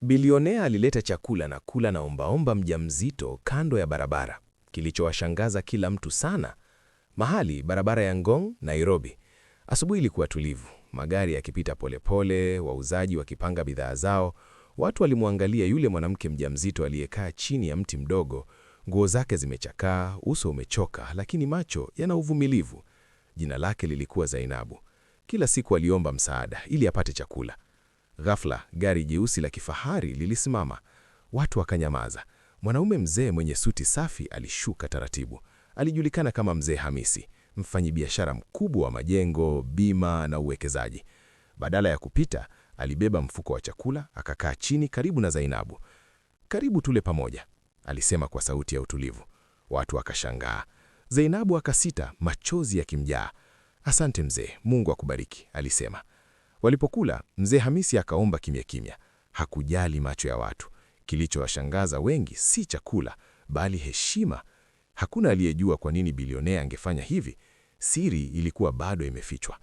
Bilionea alileta chakula na kula na ombaomba mjamzito kando ya barabara, kilichowashangaza kila mtu sana. Mahali barabara ya Ngong, Nairobi. Asubuhi ilikuwa tulivu, magari yakipita polepole, wauzaji wakipanga bidhaa zao. Watu walimwangalia yule mwanamke mjamzito aliyekaa chini ya mti mdogo, nguo zake zimechakaa, uso umechoka, lakini macho yana uvumilivu. Jina lake lilikuwa Zainabu. Kila siku aliomba msaada ili apate chakula. Ghafla gari jeusi la kifahari lilisimama, watu wakanyamaza. Mwanaume mzee mwenye suti safi alishuka taratibu. Alijulikana kama Mzee Hamisi, mfanyibiashara mkubwa wa majengo, bima na uwekezaji. Badala ya kupita, alibeba mfuko wa chakula, akakaa chini karibu na Zainabu. Karibu tule pamoja, alisema kwa sauti ya utulivu. Watu wakashangaa. Zainabu akasita, machozi yakimjaa. Asante mzee, Mungu akubariki, alisema. Walipokula, mzee Hamisi akaomba kimya kimya, hakujali macho ya watu. Kilichowashangaza wengi si chakula, bali heshima. Hakuna aliyejua kwa nini bilionea angefanya hivi. Siri ilikuwa bado imefichwa.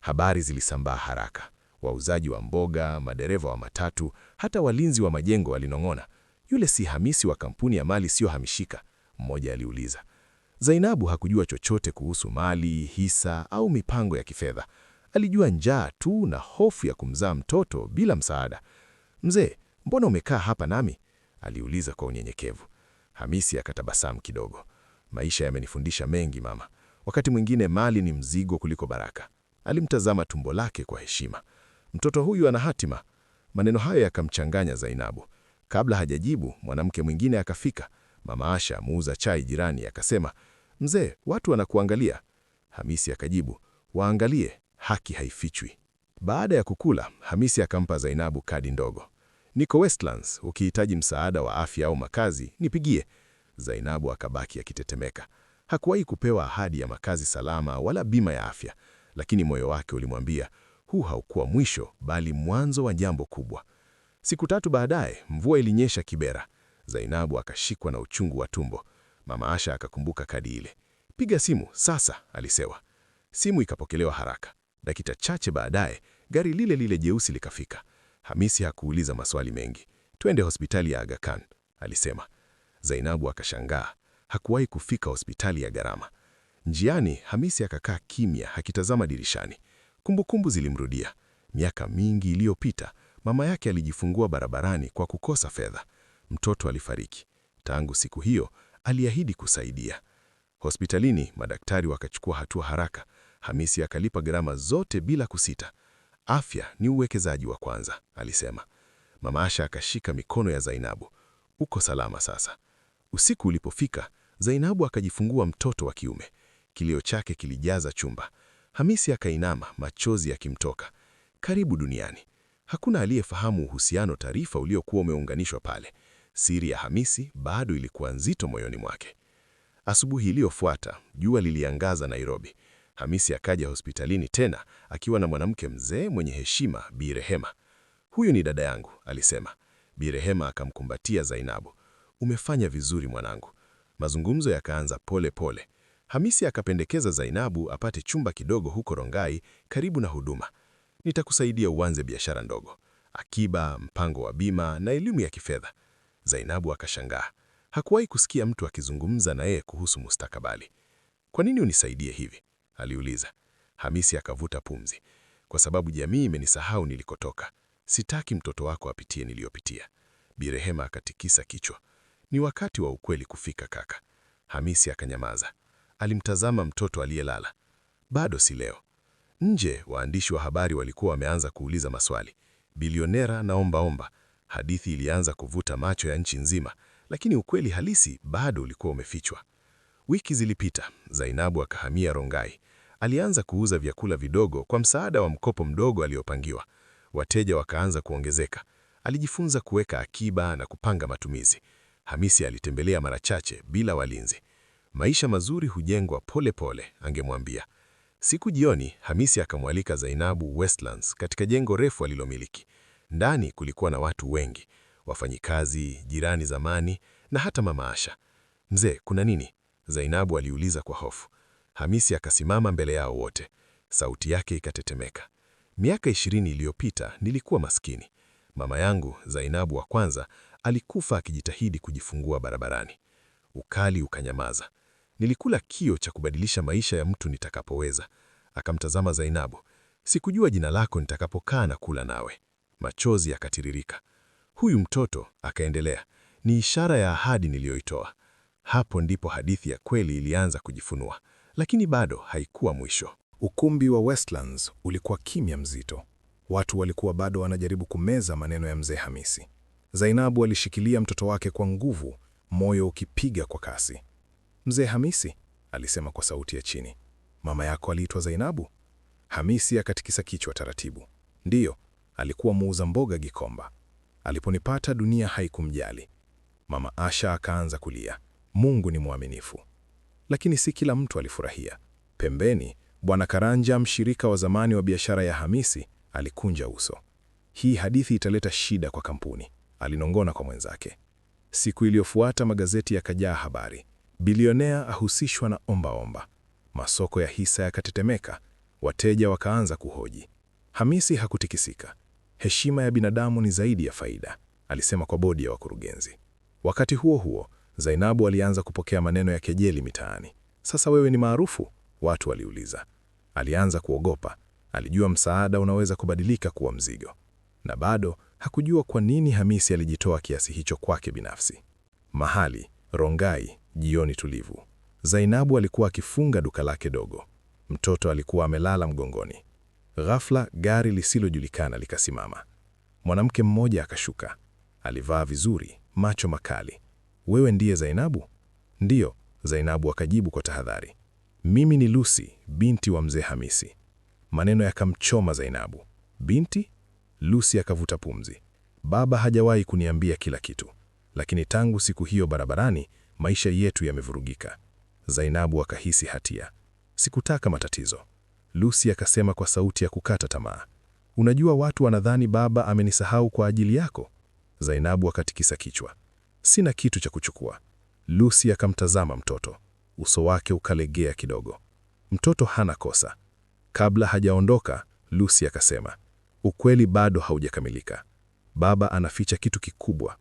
Habari zilisambaa haraka. Wauzaji wa mboga, madereva wa matatu, hata walinzi wa majengo walinong'ona, yule si Hamisi wa kampuni ya mali isiyohamishika? Mmoja aliuliza. Zainabu hakujua chochote kuhusu mali, hisa au mipango ya kifedha. Alijua njaa tu na hofu ya kumzaa mtoto bila msaada. Mzee, mbona umekaa hapa nami? aliuliza kwa unyenyekevu. Hamisi akatabasamu kidogo. Maisha yamenifundisha mengi mama. Wakati mwingine mali ni mzigo kuliko baraka. Alimtazama tumbo lake kwa heshima. Mtoto huyu ana hatima. Maneno hayo yakamchanganya Zainabu. Kabla hajajibu, mwanamke mwingine akafika. Mama Asha, muuza chai jirani, akasema, mzee, watu wanakuangalia. Hamisi akajibu, waangalie, haki haifichwi. Baada ya kukula, Hamisi akampa Zainabu kadi ndogo. Niko Westlands, ukihitaji msaada wa afya au makazi nipigie. Zainabu akabaki akitetemeka. Hakuwahi kupewa ahadi ya makazi salama wala bima ya afya, lakini moyo wake ulimwambia huu haukuwa mwisho, bali mwanzo wa jambo kubwa. Siku tatu baadaye, mvua ilinyesha Kibera. Zainabu akashikwa na uchungu wa tumbo. Mama Asha akakumbuka kadi ile. Piga simu sasa, alisewa. Simu ikapokelewa haraka. Dakika chache baadaye gari lile lile jeusi likafika. Hamisi hakuuliza maswali mengi. Twende hospitali ya Aga Khan, alisema. Zainabu akashangaa, hakuwahi kufika hospitali ya gharama. Njiani Hamisi akakaa kimya, akitazama dirishani. Kumbukumbu zilimrudia. Miaka mingi iliyopita, mama yake alijifungua barabarani kwa kukosa fedha. Mtoto alifariki. Tangu siku hiyo aliahidi kusaidia. Hospitalini madaktari wakachukua hatua haraka. Hamisi akalipa gharama zote bila kusita. Afya ni uwekezaji wa kwanza, alisema. Mama Asha akashika mikono ya Zainabu. Uko salama sasa. Usiku ulipofika, Zainabu akajifungua mtoto wa kiume. Kilio chake kilijaza chumba. Hamisi akainama, machozi yakimtoka. Karibu duniani. Hakuna aliyefahamu uhusiano taarifa uliokuwa umeunganishwa pale. Siri ya Hamisi bado ilikuwa nzito moyoni mwake. Asubuhi iliyofuata, jua liliangaza Nairobi. Hamisi akaja hospitalini tena akiwa na mwanamke mzee mwenye heshima, Bi Rehema. Huyu ni dada yangu, alisema. Bi Rehema akamkumbatia Zainabu. Umefanya vizuri mwanangu. Mazungumzo yakaanza pole pole. Hamisi akapendekeza Zainabu apate chumba kidogo huko Rongai karibu na huduma. Nitakusaidia uanze biashara ndogo, akiba, mpango wa bima na elimu ya kifedha. Zainabu akashangaa. Hakuwahi kusikia mtu akizungumza na yeye kuhusu mustakabali. Kwa nini unisaidie hivi? aliuliza. Hamisi akavuta pumzi. Kwa sababu jamii imenisahau nilikotoka. Sitaki mtoto wako apitie niliyopitia. birehema akatikisa kichwa. Ni wakati wa ukweli kufika kaka. Hamisi akanyamaza. Alimtazama mtoto aliyelala. Bado si leo. Nje waandishi wa habari walikuwa wameanza kuuliza maswali. Bilionera na omba. Hadithi ilianza kuvuta macho ya nchi nzima, lakini ukweli halisi bado ulikuwa umefichwa. Wiki zilipita, Zainabu akahamia Rongai alianza kuuza vyakula vidogo kwa msaada wa mkopo mdogo aliopangiwa. Wateja wakaanza kuongezeka. Alijifunza kuweka akiba na kupanga matumizi. Hamisi alitembelea mara chache bila walinzi. Maisha mazuri hujengwa pole pole, angemwambia. Siku jioni, Hamisi akamwalika Zainabu Westlands katika jengo refu alilomiliki. Ndani kulikuwa na watu wengi, wafanyikazi, jirani zamani na hata mama Asha. Mzee, kuna nini? Zainabu aliuliza kwa hofu. Hamisi akasimama mbele yao wote, sauti yake ikatetemeka. Miaka ishirini iliyopita nilikuwa maskini. Mama yangu Zainabu wa kwanza alikufa akijitahidi kujifungua barabarani. Ukali ukanyamaza. Nilikula kio cha kubadilisha maisha ya mtu nitakapoweza. Akamtazama Zainabu. Sikujua jina lako nitakapokaa na kula nawe. Machozi yakatiririka. Huyu mtoto, akaendelea, ni ishara ya ahadi niliyoitoa. Hapo ndipo hadithi ya kweli ilianza kujifunua. Lakini bado haikuwa mwisho. Ukumbi wa Westlands ulikuwa kimya mzito. Watu walikuwa bado wanajaribu kumeza maneno ya mzee Hamisi. Zainabu alishikilia mtoto wake kwa nguvu, moyo ukipiga kwa kasi. Mzee Hamisi alisema kwa sauti ya chini, mama yako aliitwa Zainabu? Hamisi akatikisa kichwa taratibu. Ndiyo, alikuwa muuza mboga Gikomba. Aliponipata dunia haikumjali. Mama Asha akaanza kulia. Mungu ni mwaminifu lakini si kila mtu alifurahia. Pembeni, Bwana Karanja, mshirika wa zamani wa biashara ya Hamisi, alikunja uso. Hii hadithi italeta shida kwa kampuni, alinongona kwa mwenzake. Siku iliyofuata magazeti yakajaa habari: bilionea ahusishwa na ombaomba. Masoko ya hisa yakatetemeka, wateja wakaanza kuhoji. Hamisi hakutikisika. Heshima ya binadamu ni zaidi ya faida, alisema kwa bodi ya wakurugenzi. Wakati huo huo Zainabu alianza kupokea maneno ya kejeli mitaani. Sasa wewe ni maarufu, watu waliuliza. Alianza kuogopa, alijua msaada unaweza kubadilika kuwa mzigo, na bado hakujua kwa nini Hamisi alijitoa kiasi hicho kwake binafsi. Mahali Rongai, jioni tulivu. Zainabu alikuwa akifunga duka lake dogo, mtoto alikuwa amelala mgongoni. Ghafla gari lisilojulikana likasimama, mwanamke mmoja akashuka. Alivaa vizuri, macho makali wewe ndiye Zainabu? Ndiyo, Zainabu akajibu kwa tahadhari. Mimi ni Lucy, binti wa mzee Hamisi. Maneno yakamchoma Zainabu. Binti? Lucy akavuta pumzi. Baba hajawahi kuniambia kila kitu, lakini tangu siku hiyo barabarani, maisha yetu yamevurugika. Zainabu akahisi hatia. Sikutaka matatizo. Lucy akasema kwa sauti ya kukata tamaa, unajua watu wanadhani baba amenisahau kwa ajili yako. Zainabu akatikisa kichwa sina kitu cha kuchukua. Lucy akamtazama mtoto, uso wake ukalegea kidogo. Mtoto hana kosa. Kabla hajaondoka, Lucy akasema, ukweli bado haujakamilika, baba anaficha kitu kikubwa.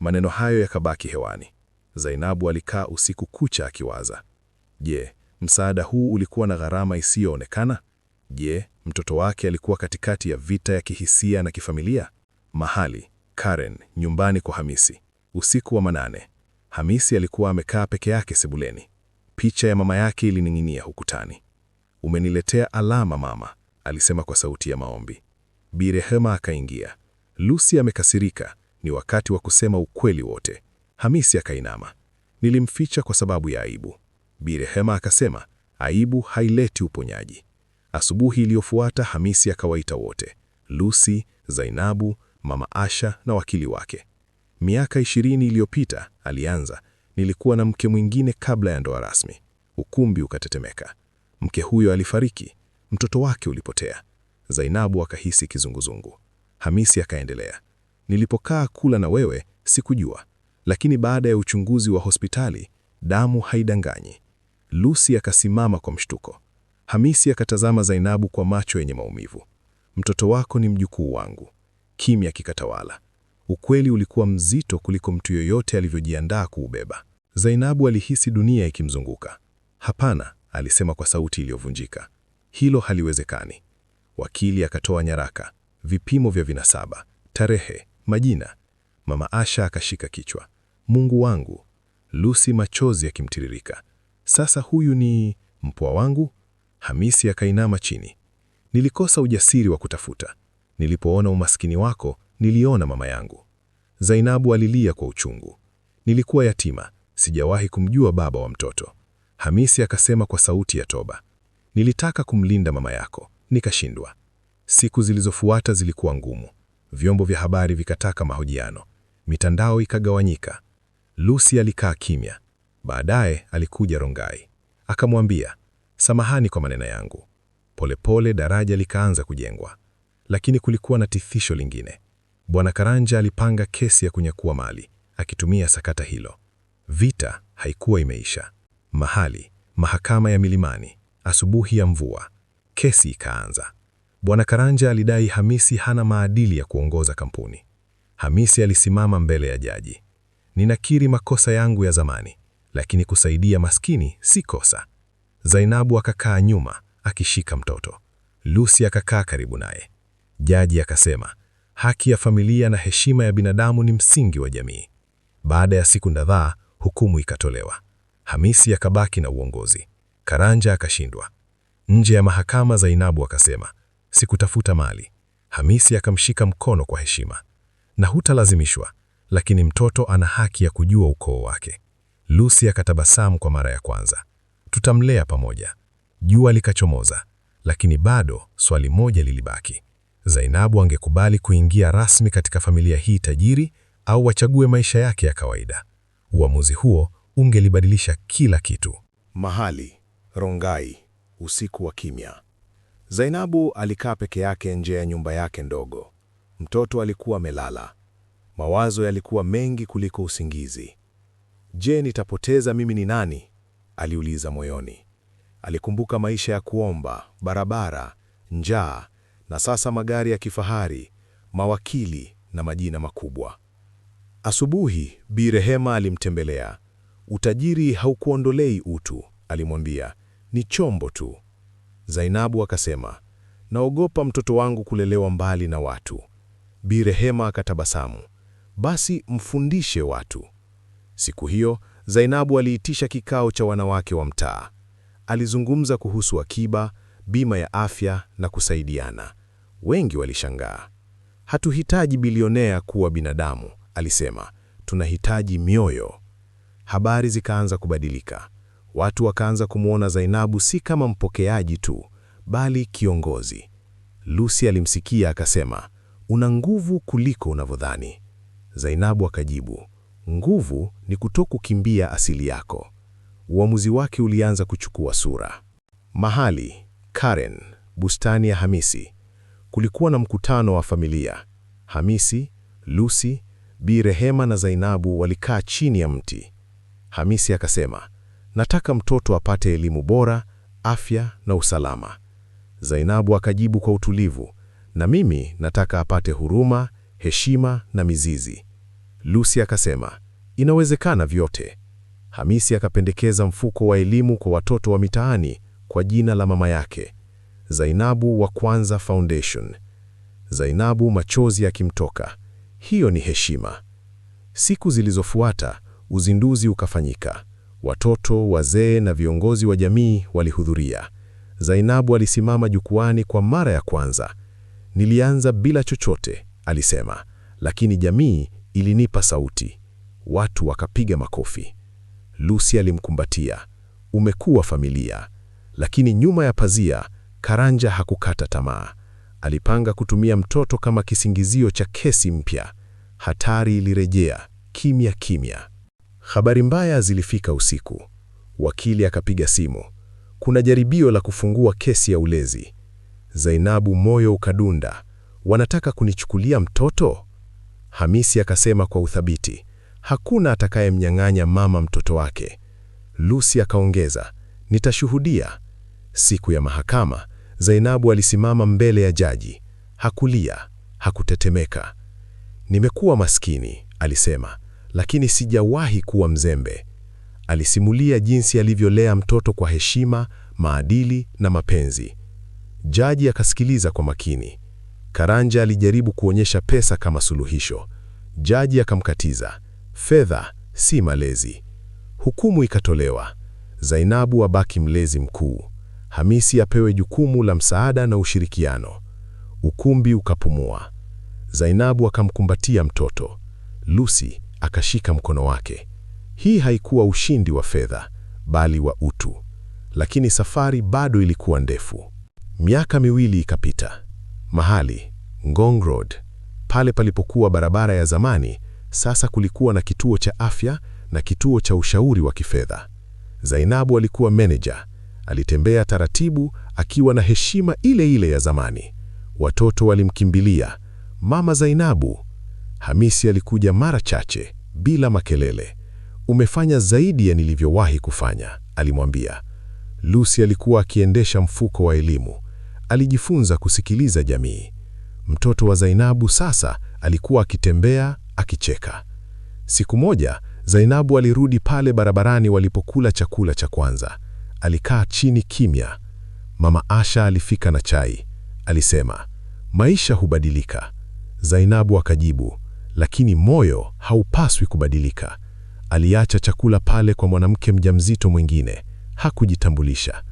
Maneno hayo yakabaki hewani. Zainabu alikaa usiku kucha akiwaza, je, msaada huu ulikuwa na gharama isiyoonekana? Je, mtoto wake alikuwa katikati ya vita ya kihisia na kifamilia? Mahali Karen, nyumbani kwa Hamisi. Usiku wa manane, Hamisi alikuwa amekaa peke yake sebuleni. Picha ya mama yake ilining'inia ukutani. Umeniletea alama mama, alisema kwa sauti ya maombi. Bi Rehema akaingia. Lucy amekasirika, ni wakati wa kusema ukweli wote. Hamisi akainama. Nilimficha kwa sababu ya aibu. Bi Rehema akasema, aibu haileti uponyaji. Asubuhi iliyofuata Hamisi akawaita wote, Lucy, Zainabu, mama Asha na wakili wake. Miaka ishirini iliyopita, alianza, nilikuwa na mke mwingine kabla ya ndoa rasmi. Ukumbi ukatetemeka. Mke huyo alifariki, mtoto wake ulipotea. Zainabu akahisi kizunguzungu. Hamisi akaendelea, nilipokaa kula na wewe sikujua, lakini baada ya uchunguzi wa hospitali, damu haidanganyi. Lucy akasimama kwa mshtuko. Hamisi akatazama Zainabu kwa macho yenye maumivu. Mtoto wako ni mjukuu wangu. Kimya kikatawala. Ukweli ulikuwa mzito kuliko mtu yoyote alivyojiandaa kuubeba. Zainabu alihisi dunia ikimzunguka. Hapana, alisema kwa sauti iliyovunjika, hilo haliwezekani. Wakili akatoa nyaraka, vipimo vya vinasaba, tarehe, majina. Mama Asha akashika kichwa. Mungu wangu! Lucy, machozi yakimtiririka. Sasa huyu ni mpwa wangu? Hamisi akainama chini. Nilikosa ujasiri wa kutafuta. Nilipoona umaskini wako, niliona mama yangu. Zainabu alilia kwa uchungu. Nilikuwa yatima, sijawahi kumjua baba wa mtoto. Hamisi akasema kwa sauti ya toba, nilitaka kumlinda mama yako, nikashindwa. Siku zilizofuata zilikuwa ngumu. Vyombo vya habari vikataka mahojiano, mitandao ikagawanyika. Lucy alikaa kimya. Baadaye alikuja Rongai, akamwambia samahani kwa maneno yangu. Polepole pole, daraja likaanza kujengwa, lakini kulikuwa na tithisho lingine. Bwana Karanja alipanga kesi ya kunyakua mali akitumia sakata hilo. Vita haikuwa imeisha. Mahali, mahakama ya Milimani, asubuhi ya mvua, kesi ikaanza. Bwana Karanja alidai Hamisi hana maadili ya kuongoza kampuni. Hamisi alisimama mbele ya jaji. Ninakiri makosa yangu ya zamani, lakini kusaidia maskini si kosa. Zainabu akakaa nyuma akishika mtoto. Lucy akakaa karibu naye. Jaji akasema haki ya familia na heshima ya binadamu ni msingi wa jamii. Baada ya siku kadhaa, hukumu ikatolewa. Hamisi akabaki na uongozi, Karanja akashindwa. Nje ya mahakama, Zainabu akasema, sikutafuta mali. Hamisi akamshika mkono kwa heshima, na hutalazimishwa, lakini mtoto ana haki ya kujua ukoo wake. Lucy akatabasamu kwa mara ya kwanza, tutamlea pamoja. Jua likachomoza, lakini bado swali moja lilibaki. Zainabu angekubali kuingia rasmi katika familia hii tajiri au wachague maisha yake ya kawaida. Uamuzi huo ungelibadilisha kila kitu. Mahali, Rongai, usiku wa kimya. Zainabu alikaa peke yake nje ya nyumba yake ndogo. Mtoto alikuwa amelala. Mawazo yalikuwa mengi kuliko usingizi. Je, nitapoteza mimi ni nani? aliuliza moyoni. Alikumbuka maisha ya kuomba, barabara, njaa na sasa magari ya kifahari, mawakili na majina makubwa. Asubuhi Bi Rehema alimtembelea. Utajiri haukuondolei utu, alimwambia, ni chombo tu. Zainabu akasema, naogopa mtoto wangu kulelewa mbali na watu. Bi Rehema akatabasamu, basi mfundishe watu. Siku hiyo Zainabu aliitisha kikao cha wanawake wa mtaa. Alizungumza kuhusu akiba bima ya afya na kusaidiana. Wengi walishangaa. Hatuhitaji bilionea kuwa binadamu, alisema. Tunahitaji mioyo. Habari zikaanza kubadilika. Watu wakaanza kumwona Zainabu si kama mpokeaji tu, bali kiongozi. Lucy alimsikia akasema, una nguvu kuliko unavyodhani. Zainabu akajibu, nguvu ni kutokukimbia asili yako. Uamuzi wake ulianza kuchukua sura. Mahali Karen, bustani ya Hamisi. Kulikuwa na mkutano wa familia. Hamisi, Lucy, Bi Rehema na Zainabu walikaa chini ya mti. Hamisi akasema, nataka mtoto apate elimu bora, afya na usalama. Zainabu akajibu kwa utulivu, na mimi nataka apate huruma, heshima na mizizi. Lucy akasema, inawezekana vyote. Hamisi akapendekeza mfuko wa elimu kwa watoto wa mitaani kwa jina la mama yake, Zainabu wa Kwanza Foundation. Zainabu machozi akimtoka hiyo ni heshima. Siku zilizofuata uzinduzi ukafanyika. Watoto, wazee na viongozi wa jamii walihudhuria. Zainabu alisimama jukwani kwa mara ya kwanza. Nilianza bila chochote, alisema, lakini jamii ilinipa sauti. Watu wakapiga makofi. Lucy alimkumbatia. Umekuwa familia. Lakini nyuma ya pazia, Karanja hakukata tamaa. Alipanga kutumia mtoto kama kisingizio cha kesi mpya. Hatari ilirejea kimya kimya. Habari mbaya zilifika usiku. Wakili akapiga simu, kuna jaribio la kufungua kesi ya ulezi. Zainabu moyo ukadunda, wanataka kunichukulia mtoto? Hamisi akasema kwa uthabiti, hakuna atakayemnyang'anya mama mtoto wake. Lucy akaongeza, nitashuhudia Siku ya mahakama, Zainabu alisimama mbele ya jaji. Hakulia, hakutetemeka. Nimekuwa maskini, alisema, lakini sijawahi kuwa mzembe. Alisimulia jinsi alivyolea mtoto kwa heshima, maadili na mapenzi. Jaji akasikiliza kwa makini. Karanja alijaribu kuonyesha pesa kama suluhisho. Jaji akamkatiza. Fedha si malezi. Hukumu ikatolewa. Zainabu abaki mlezi mkuu. Hamisi apewe jukumu la msaada na ushirikiano. Ukumbi ukapumua. Zainabu akamkumbatia mtoto. Lucy akashika mkono wake. Hii haikuwa ushindi wa fedha, bali wa utu. Lakini safari bado ilikuwa ndefu. Miaka miwili ikapita. Mahali Ngong Road, pale palipokuwa barabara ya zamani, sasa kulikuwa na kituo cha afya na kituo cha ushauri wa kifedha. Zainabu alikuwa manager Alitembea taratibu akiwa na heshima ile ile ya zamani. Watoto walimkimbilia mama Zainabu. Hamisi alikuja mara chache bila makelele. Umefanya zaidi ya nilivyowahi kufanya, alimwambia. Lucy alikuwa akiendesha mfuko wa elimu. Alijifunza kusikiliza jamii. Mtoto wa Zainabu sasa alikuwa akitembea akicheka. Siku moja Zainabu alirudi pale barabarani walipokula chakula cha kwanza alikaa chini kimya. Mama Asha alifika na chai, alisema maisha hubadilika. Zainabu akajibu, lakini moyo haupaswi kubadilika. Aliacha chakula pale kwa mwanamke mjamzito mwingine, hakujitambulisha.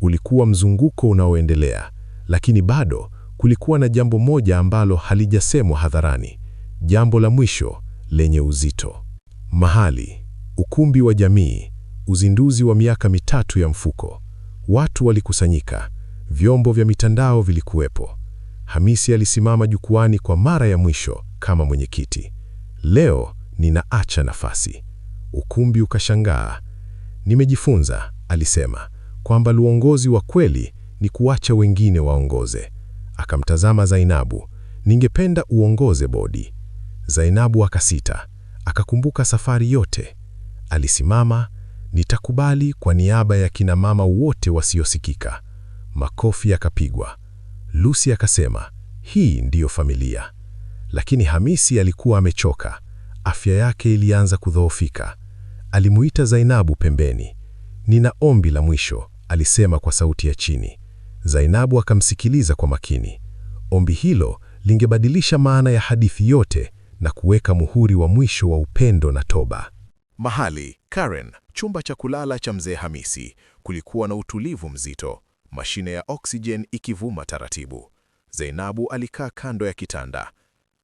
Ulikuwa mzunguko unaoendelea, lakini bado kulikuwa na jambo moja ambalo halijasemwa hadharani, jambo la mwisho lenye uzito. Mahali, ukumbi wa jamii Uzinduzi wa miaka mitatu ya mfuko. Watu walikusanyika, vyombo vya mitandao vilikuwepo. Hamisi alisimama jukwani kwa mara ya mwisho kama mwenyekiti. Leo ninaacha nafasi. Ukumbi ukashangaa. Nimejifunza, alisema, kwamba uongozi wa kweli ni kuacha wengine waongoze. Akamtazama Zainabu. Ningependa uongoze bodi. Zainabu akasita, akakumbuka safari yote. Alisimama Nitakubali kwa niaba ya kina mama wote wasiosikika. Makofi yakapigwa. Lucy akasema, hii ndiyo familia. Lakini Hamisi alikuwa amechoka, afya yake ilianza kudhoofika. Alimuita Zainabu pembeni. Nina ombi la mwisho, alisema kwa sauti ya chini. Zainabu akamsikiliza kwa makini. Ombi hilo lingebadilisha maana ya hadithi yote na kuweka muhuri wa mwisho wa upendo na toba. Mahali Karen. Chumba cha kulala cha mzee Hamisi kulikuwa na utulivu mzito, mashine ya oksijeni ikivuma taratibu. Zainabu alikaa kando ya kitanda.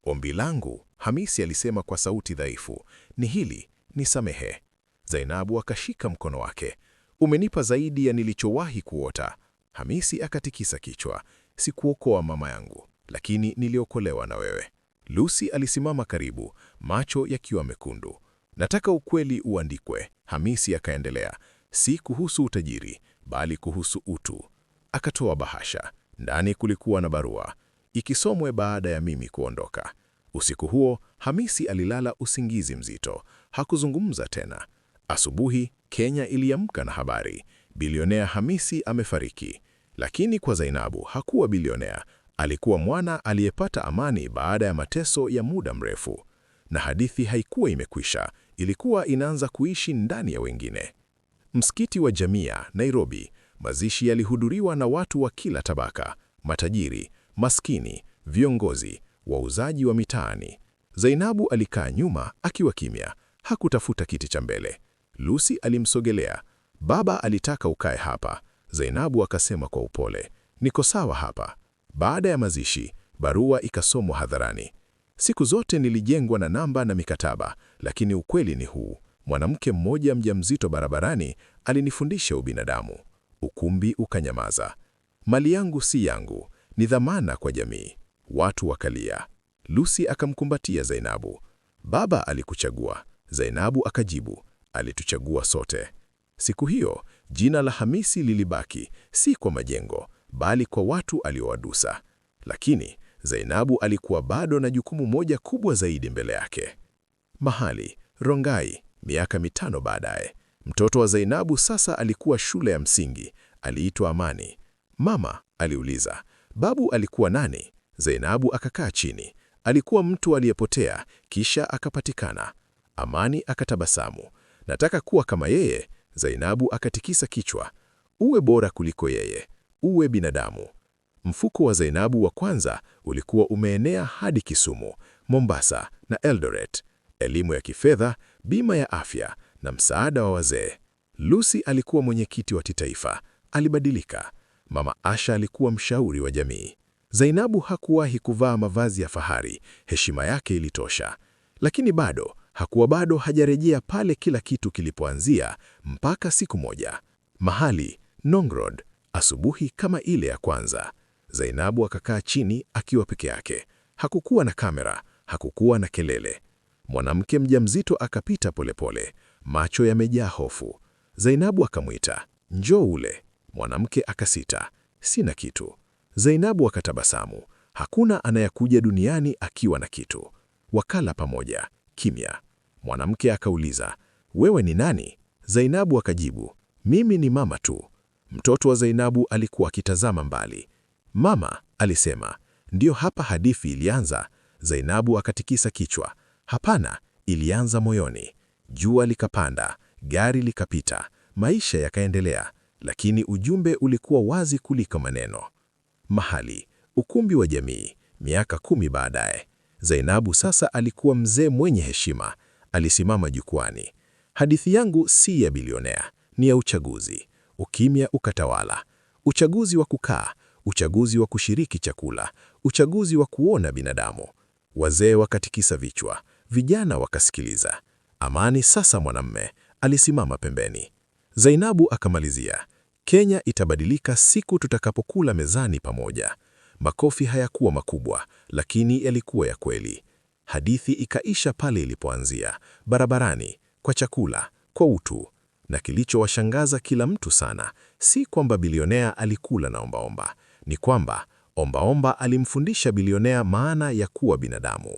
Ombi langu, Hamisi alisema kwa sauti dhaifu, ni hili, nisamehe. Zainabu akashika mkono wake. Umenipa zaidi ya nilichowahi kuota. Hamisi akatikisa kichwa. Sikuokoa mama yangu, lakini niliokolewa na wewe. Lucy alisimama karibu, macho yakiwa mekundu. Nataka ukweli uandikwe, Hamisi akaendelea, si kuhusu utajiri, bali kuhusu utu. Akatoa bahasha, ndani kulikuwa na barua, ikisomwe baada ya mimi kuondoka. Usiku huo Hamisi alilala usingizi mzito, hakuzungumza tena. Asubuhi Kenya iliamka na habari, bilionea Hamisi amefariki. Lakini kwa Zainabu hakuwa bilionea, alikuwa mwana aliyepata amani baada ya mateso ya muda mrefu. Na hadithi haikuwa imekwisha ilikuwa inaanza kuishi ndani ya wengine. Msikiti wa Jamia, Nairobi, mazishi yalihudhuriwa na watu wa kila tabaka, matajiri, maskini, viongozi, wauzaji wa mitaani. Zainabu alikaa nyuma akiwa kimya, hakutafuta kiti cha mbele. Lucy alimsogelea. Baba alitaka ukae hapa. Zainabu akasema kwa upole, niko sawa hapa. Baada ya mazishi, barua ikasomwa hadharani. Siku zote nilijengwa na namba na mikataba, lakini ukweli ni huu. Mwanamke mmoja mjamzito barabarani alinifundisha ubinadamu. Ukumbi ukanyamaza. Mali yangu si yangu, ni dhamana kwa jamii. Watu wakalia. Lucy akamkumbatia Zainabu. Baba alikuchagua, Zainabu akajibu, alituchagua sote. Siku hiyo jina la Hamisi lilibaki, si kwa majengo, bali kwa watu aliowadusa. Lakini Zainabu alikuwa bado na jukumu moja kubwa zaidi mbele yake. Mahali Rongai, miaka mitano baadaye, mtoto wa Zainabu sasa alikuwa shule ya msingi, aliitwa Amani. Mama aliuliza, babu alikuwa nani? Zainabu akakaa chini. Alikuwa mtu aliyepotea kisha akapatikana. Amani akatabasamu. Nataka kuwa kama yeye. Zainabu akatikisa kichwa. Uwe bora kuliko yeye, uwe binadamu. Mfuko wa Zainabu wa kwanza ulikuwa umeenea hadi Kisumu, Mombasa na Eldoret, elimu ya kifedha, bima ya afya na msaada wa wazee. Lucy alikuwa mwenyekiti wa kitaifa, alibadilika. Mama Asha alikuwa mshauri wa jamii. Zainabu hakuwahi kuvaa mavazi ya fahari, heshima yake ilitosha. Lakini bado hakuwa bado hajarejea pale kila kitu kilipoanzia, mpaka siku moja, mahali Nongrod, asubuhi kama ile ya kwanza. Zainabu akakaa chini akiwa peke yake. Hakukuwa na kamera, hakukuwa na kelele. Mwanamke mjamzito akapita polepole, macho yamejaa hofu. Zainabu akamwita, njoo ule. Mwanamke akasita, sina kitu. Zainabu akatabasamu, hakuna anayekuja duniani akiwa na kitu. Wakala pamoja, kimya. Mwanamke akauliza, wewe ni nani? Zainabu akajibu, mimi ni mama tu. Mtoto wa Zainabu alikuwa akitazama mbali. Mama, alisema. Ndiyo, hapa hadithi ilianza. Zainabu akatikisa kichwa. Hapana, ilianza moyoni. Jua likapanda, gari likapita, maisha yakaendelea, lakini ujumbe ulikuwa wazi kuliko maneno. Mahali, ukumbi wa jamii, miaka kumi baadaye. Zainabu sasa alikuwa mzee mwenye heshima. Alisimama jukwani. Hadithi yangu si ya bilionea, ni ya uchaguzi. Ukimya ukatawala. Uchaguzi wa kukaa uchaguzi wa kushiriki chakula, uchaguzi wa kuona binadamu. Wazee wakatikisa vichwa, vijana wakasikiliza. Amani sasa mwanamme alisimama pembeni. Zainabu akamalizia, Kenya itabadilika siku tutakapokula mezani pamoja. Makofi hayakuwa makubwa, lakini yalikuwa ya kweli. Hadithi ikaisha pale ilipoanzia, barabarani, kwa chakula, kwa utu. Na kilichowashangaza kila mtu sana si kwamba bilionea alikula na ombaomba, ni kwamba ombaomba alimfundisha bilionea maana ya kuwa binadamu.